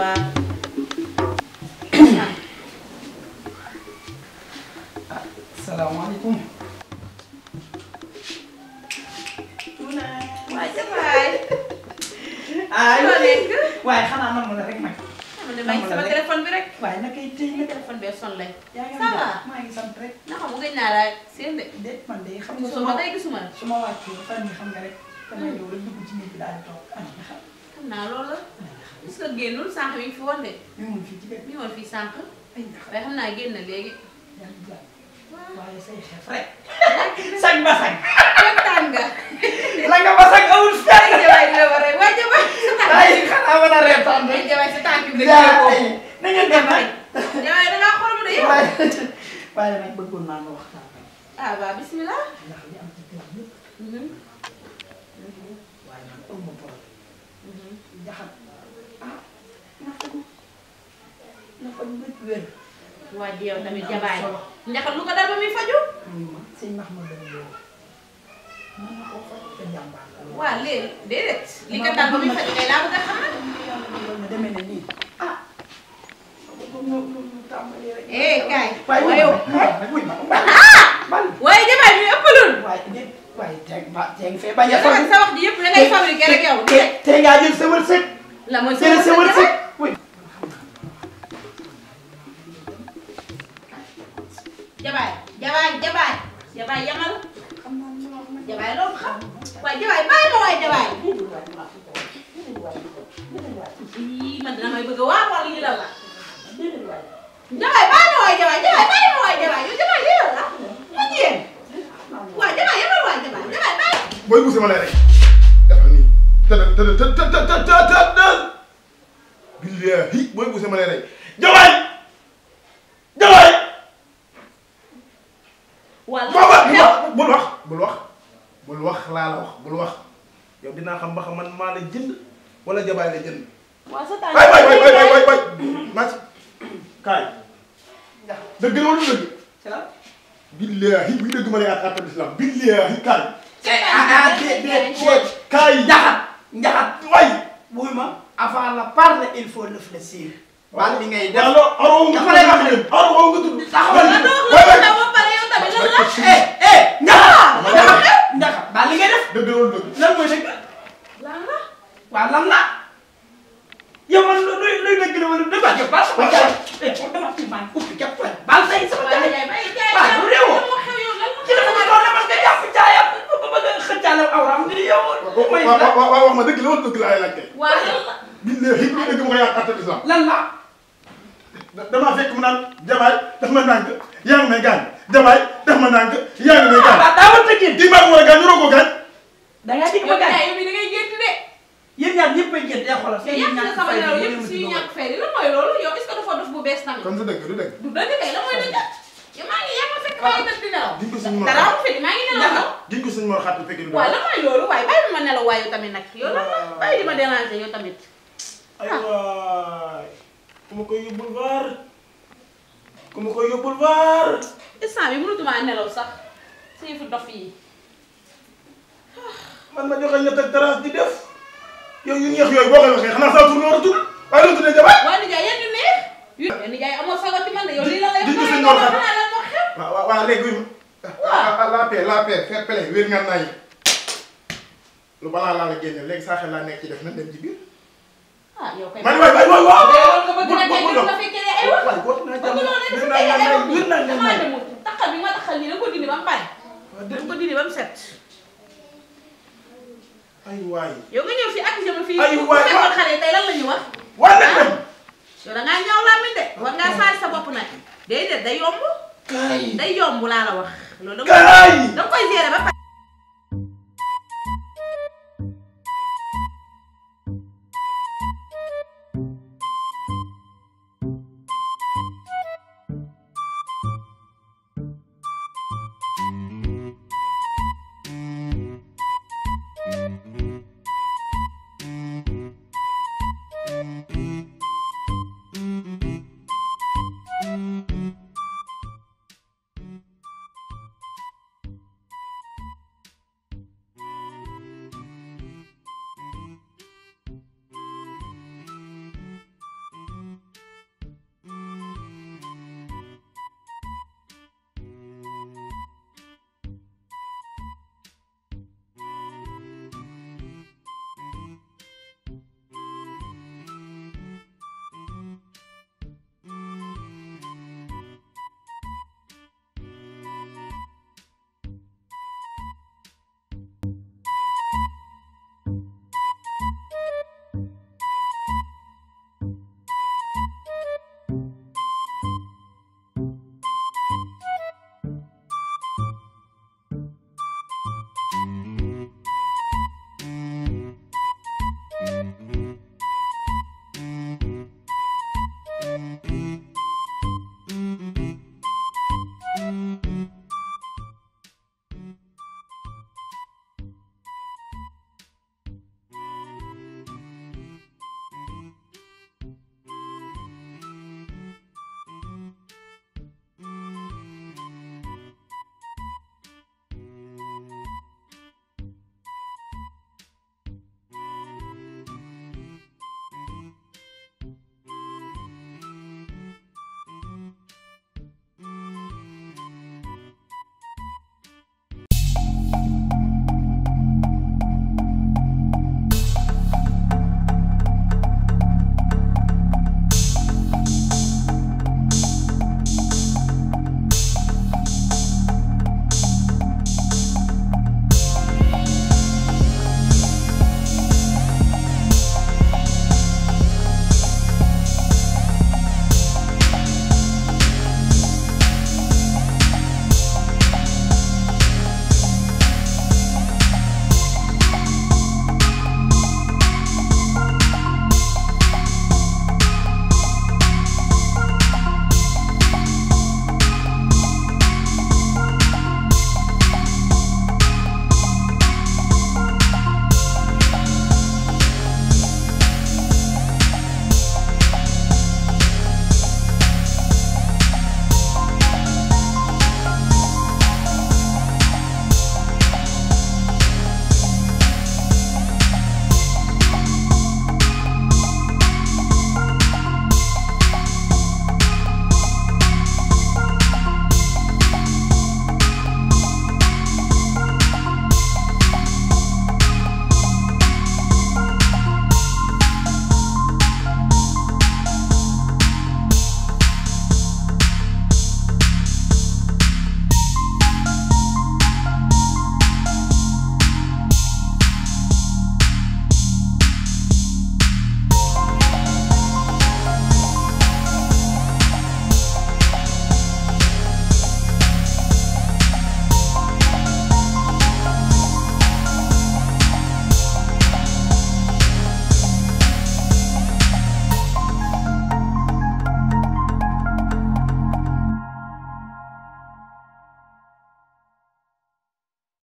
waaw. a salaamaaleykum. waaye sa waay. ah léegi waaye xanaa namm la rek nag. rek sama téléphone bi rek. waaye naka it tey téléphone bee sonn lañ. yaa ngi am dara maa na xam nga nga su ma tey ma wàccee fan yi xam hmm. nga rek. damay ñëw rek dugg ci loolu gis nga génnul sànq mi ngi fi mi ngi woon fii ci benn mi ngi woon fii sànq. waaye xam naa génn léegi. waaye say xef rek. sañ ba sañ. kontaan nga. la nga ba a waaye jawaay sa tànk. waaye xanaa mën a reetaan rek. jawaay sa tànk bi nga dem rek. jawaay da ngaa xorom de yow. waaye nag bëggoon naa nga waxtaan. ah waa jaxal ah na na faj wér wér. waa di yow tamit lu ko dal ba muy faju. sëñ Mahmoud mën te jàmbaar li ko dal ba faju kay laa bëgg a xamal. loolu demee na nii ah. eh kaay. waaye waaye jabaay bi a. sa wax la mooy sa wërsëg jabaay jabaay jabaay jabaay yamal jabaay loolu xam waaye jabaay bàyyi ma waaye jabaay ii man dina may bëgg waa xool lii la la jabaay bàyyi ma waaye jabaay jabaay bàyyi ma waaye jabaay yow jabaay lii la la ma jiyeen waaye jabaay yamal waaye jabaay jabaay bàyyi. booy buuse ma lay rek defal nii tëdd tëdd tëdd tëdd tëdd billaahi booy buuse ma lay rey jawaay jawaay booba bul wax bul wax bul wax laa la wax bul wax yow dinaa xam ba xam man maa jënd wala jabaay la jënd bay bay bay bay bay kaay ma lay at appel islam kaay ah, ah, ah, kaay jaxat jaxat avant la parle il faut réfléchir. waaw li ngay def waaw dafa lay wax rek. waaw waaw nga tudd. taxawal nga doog la ko ba pare yow tamit lan la. eh eh ndax baal li ngay def. dëgg la woon dëgg. lan mooy dëgg. lan la. waaw lan la. yow man looy looy dëgg la wala dëgg la. yow baal sama jaay eh kon dama fi maa ngi ubbi képp ku ne. baal say sama jaay. waaw bu réewoo ci la ko doon demal nga jàpp jaayam ba bëgg a xëccaale awraam nga yow. mooy dëgg waaw waaw waaw wax ma dëgg la woon dëgg la ay laajte. waaw lan la. billahi lu dëgg ma ko yaa àtte islam lan la damaa fekk mu naan jabaay daf ma nànk yaa ngi may gaañ jabaay daf ma nànk yaa ngi may gaañ ah, daa war a génn di baax war a gaañ yoroo ko gaañ da ngaa dikk ma gaañ yow bi da ngay gént de yéen ñaar ñëpp ay gént day xoolal yàq na sama nelaw yëpp suñu ñàkk fay li lan mooy loolu yow est-ce que dafa def bu bees tamit kon du dëgg du dëgg du dëgg kay la mooy dëgg yow maa ngi yaa ma fekk maa ngi dëgg di nelaw diñ ko suñu dara am fekk maa ngi nelaw diñ ko suñu mor xaatu fekk di waaw la mooy loolu waaye bàyyi ma nelaw waaye tamit nag yow la ah. bàyyi di ma déranger yow tamit ay waay ku ma koy yóbbul waar ku ma koy yóbbul sax si fu yi man ma joxe ñett ak daraas di def yo yu ñeex yooyu boo koy waxee xanaa saa tur war waaye loolu tuddee jabar waaw nijaay yenn neex yenn nijaay amoo la lay xamal la moo xew waaw waaw léegi waaw ah, la lu balaa laa la génne léegi laa nekk ci def na dem ci ah yow kay. man waay waay waay waaw. yow nga ñëw fii ak jëm fii. ay waay waay xale tey lan la ñu wax. war na dem. yow da ngaa ñaaw làmmiñ de war ngaa saal sa bopp nag. déedéet day yomb. day yomb laa la wax. loolu da nga koy gérer ba pare.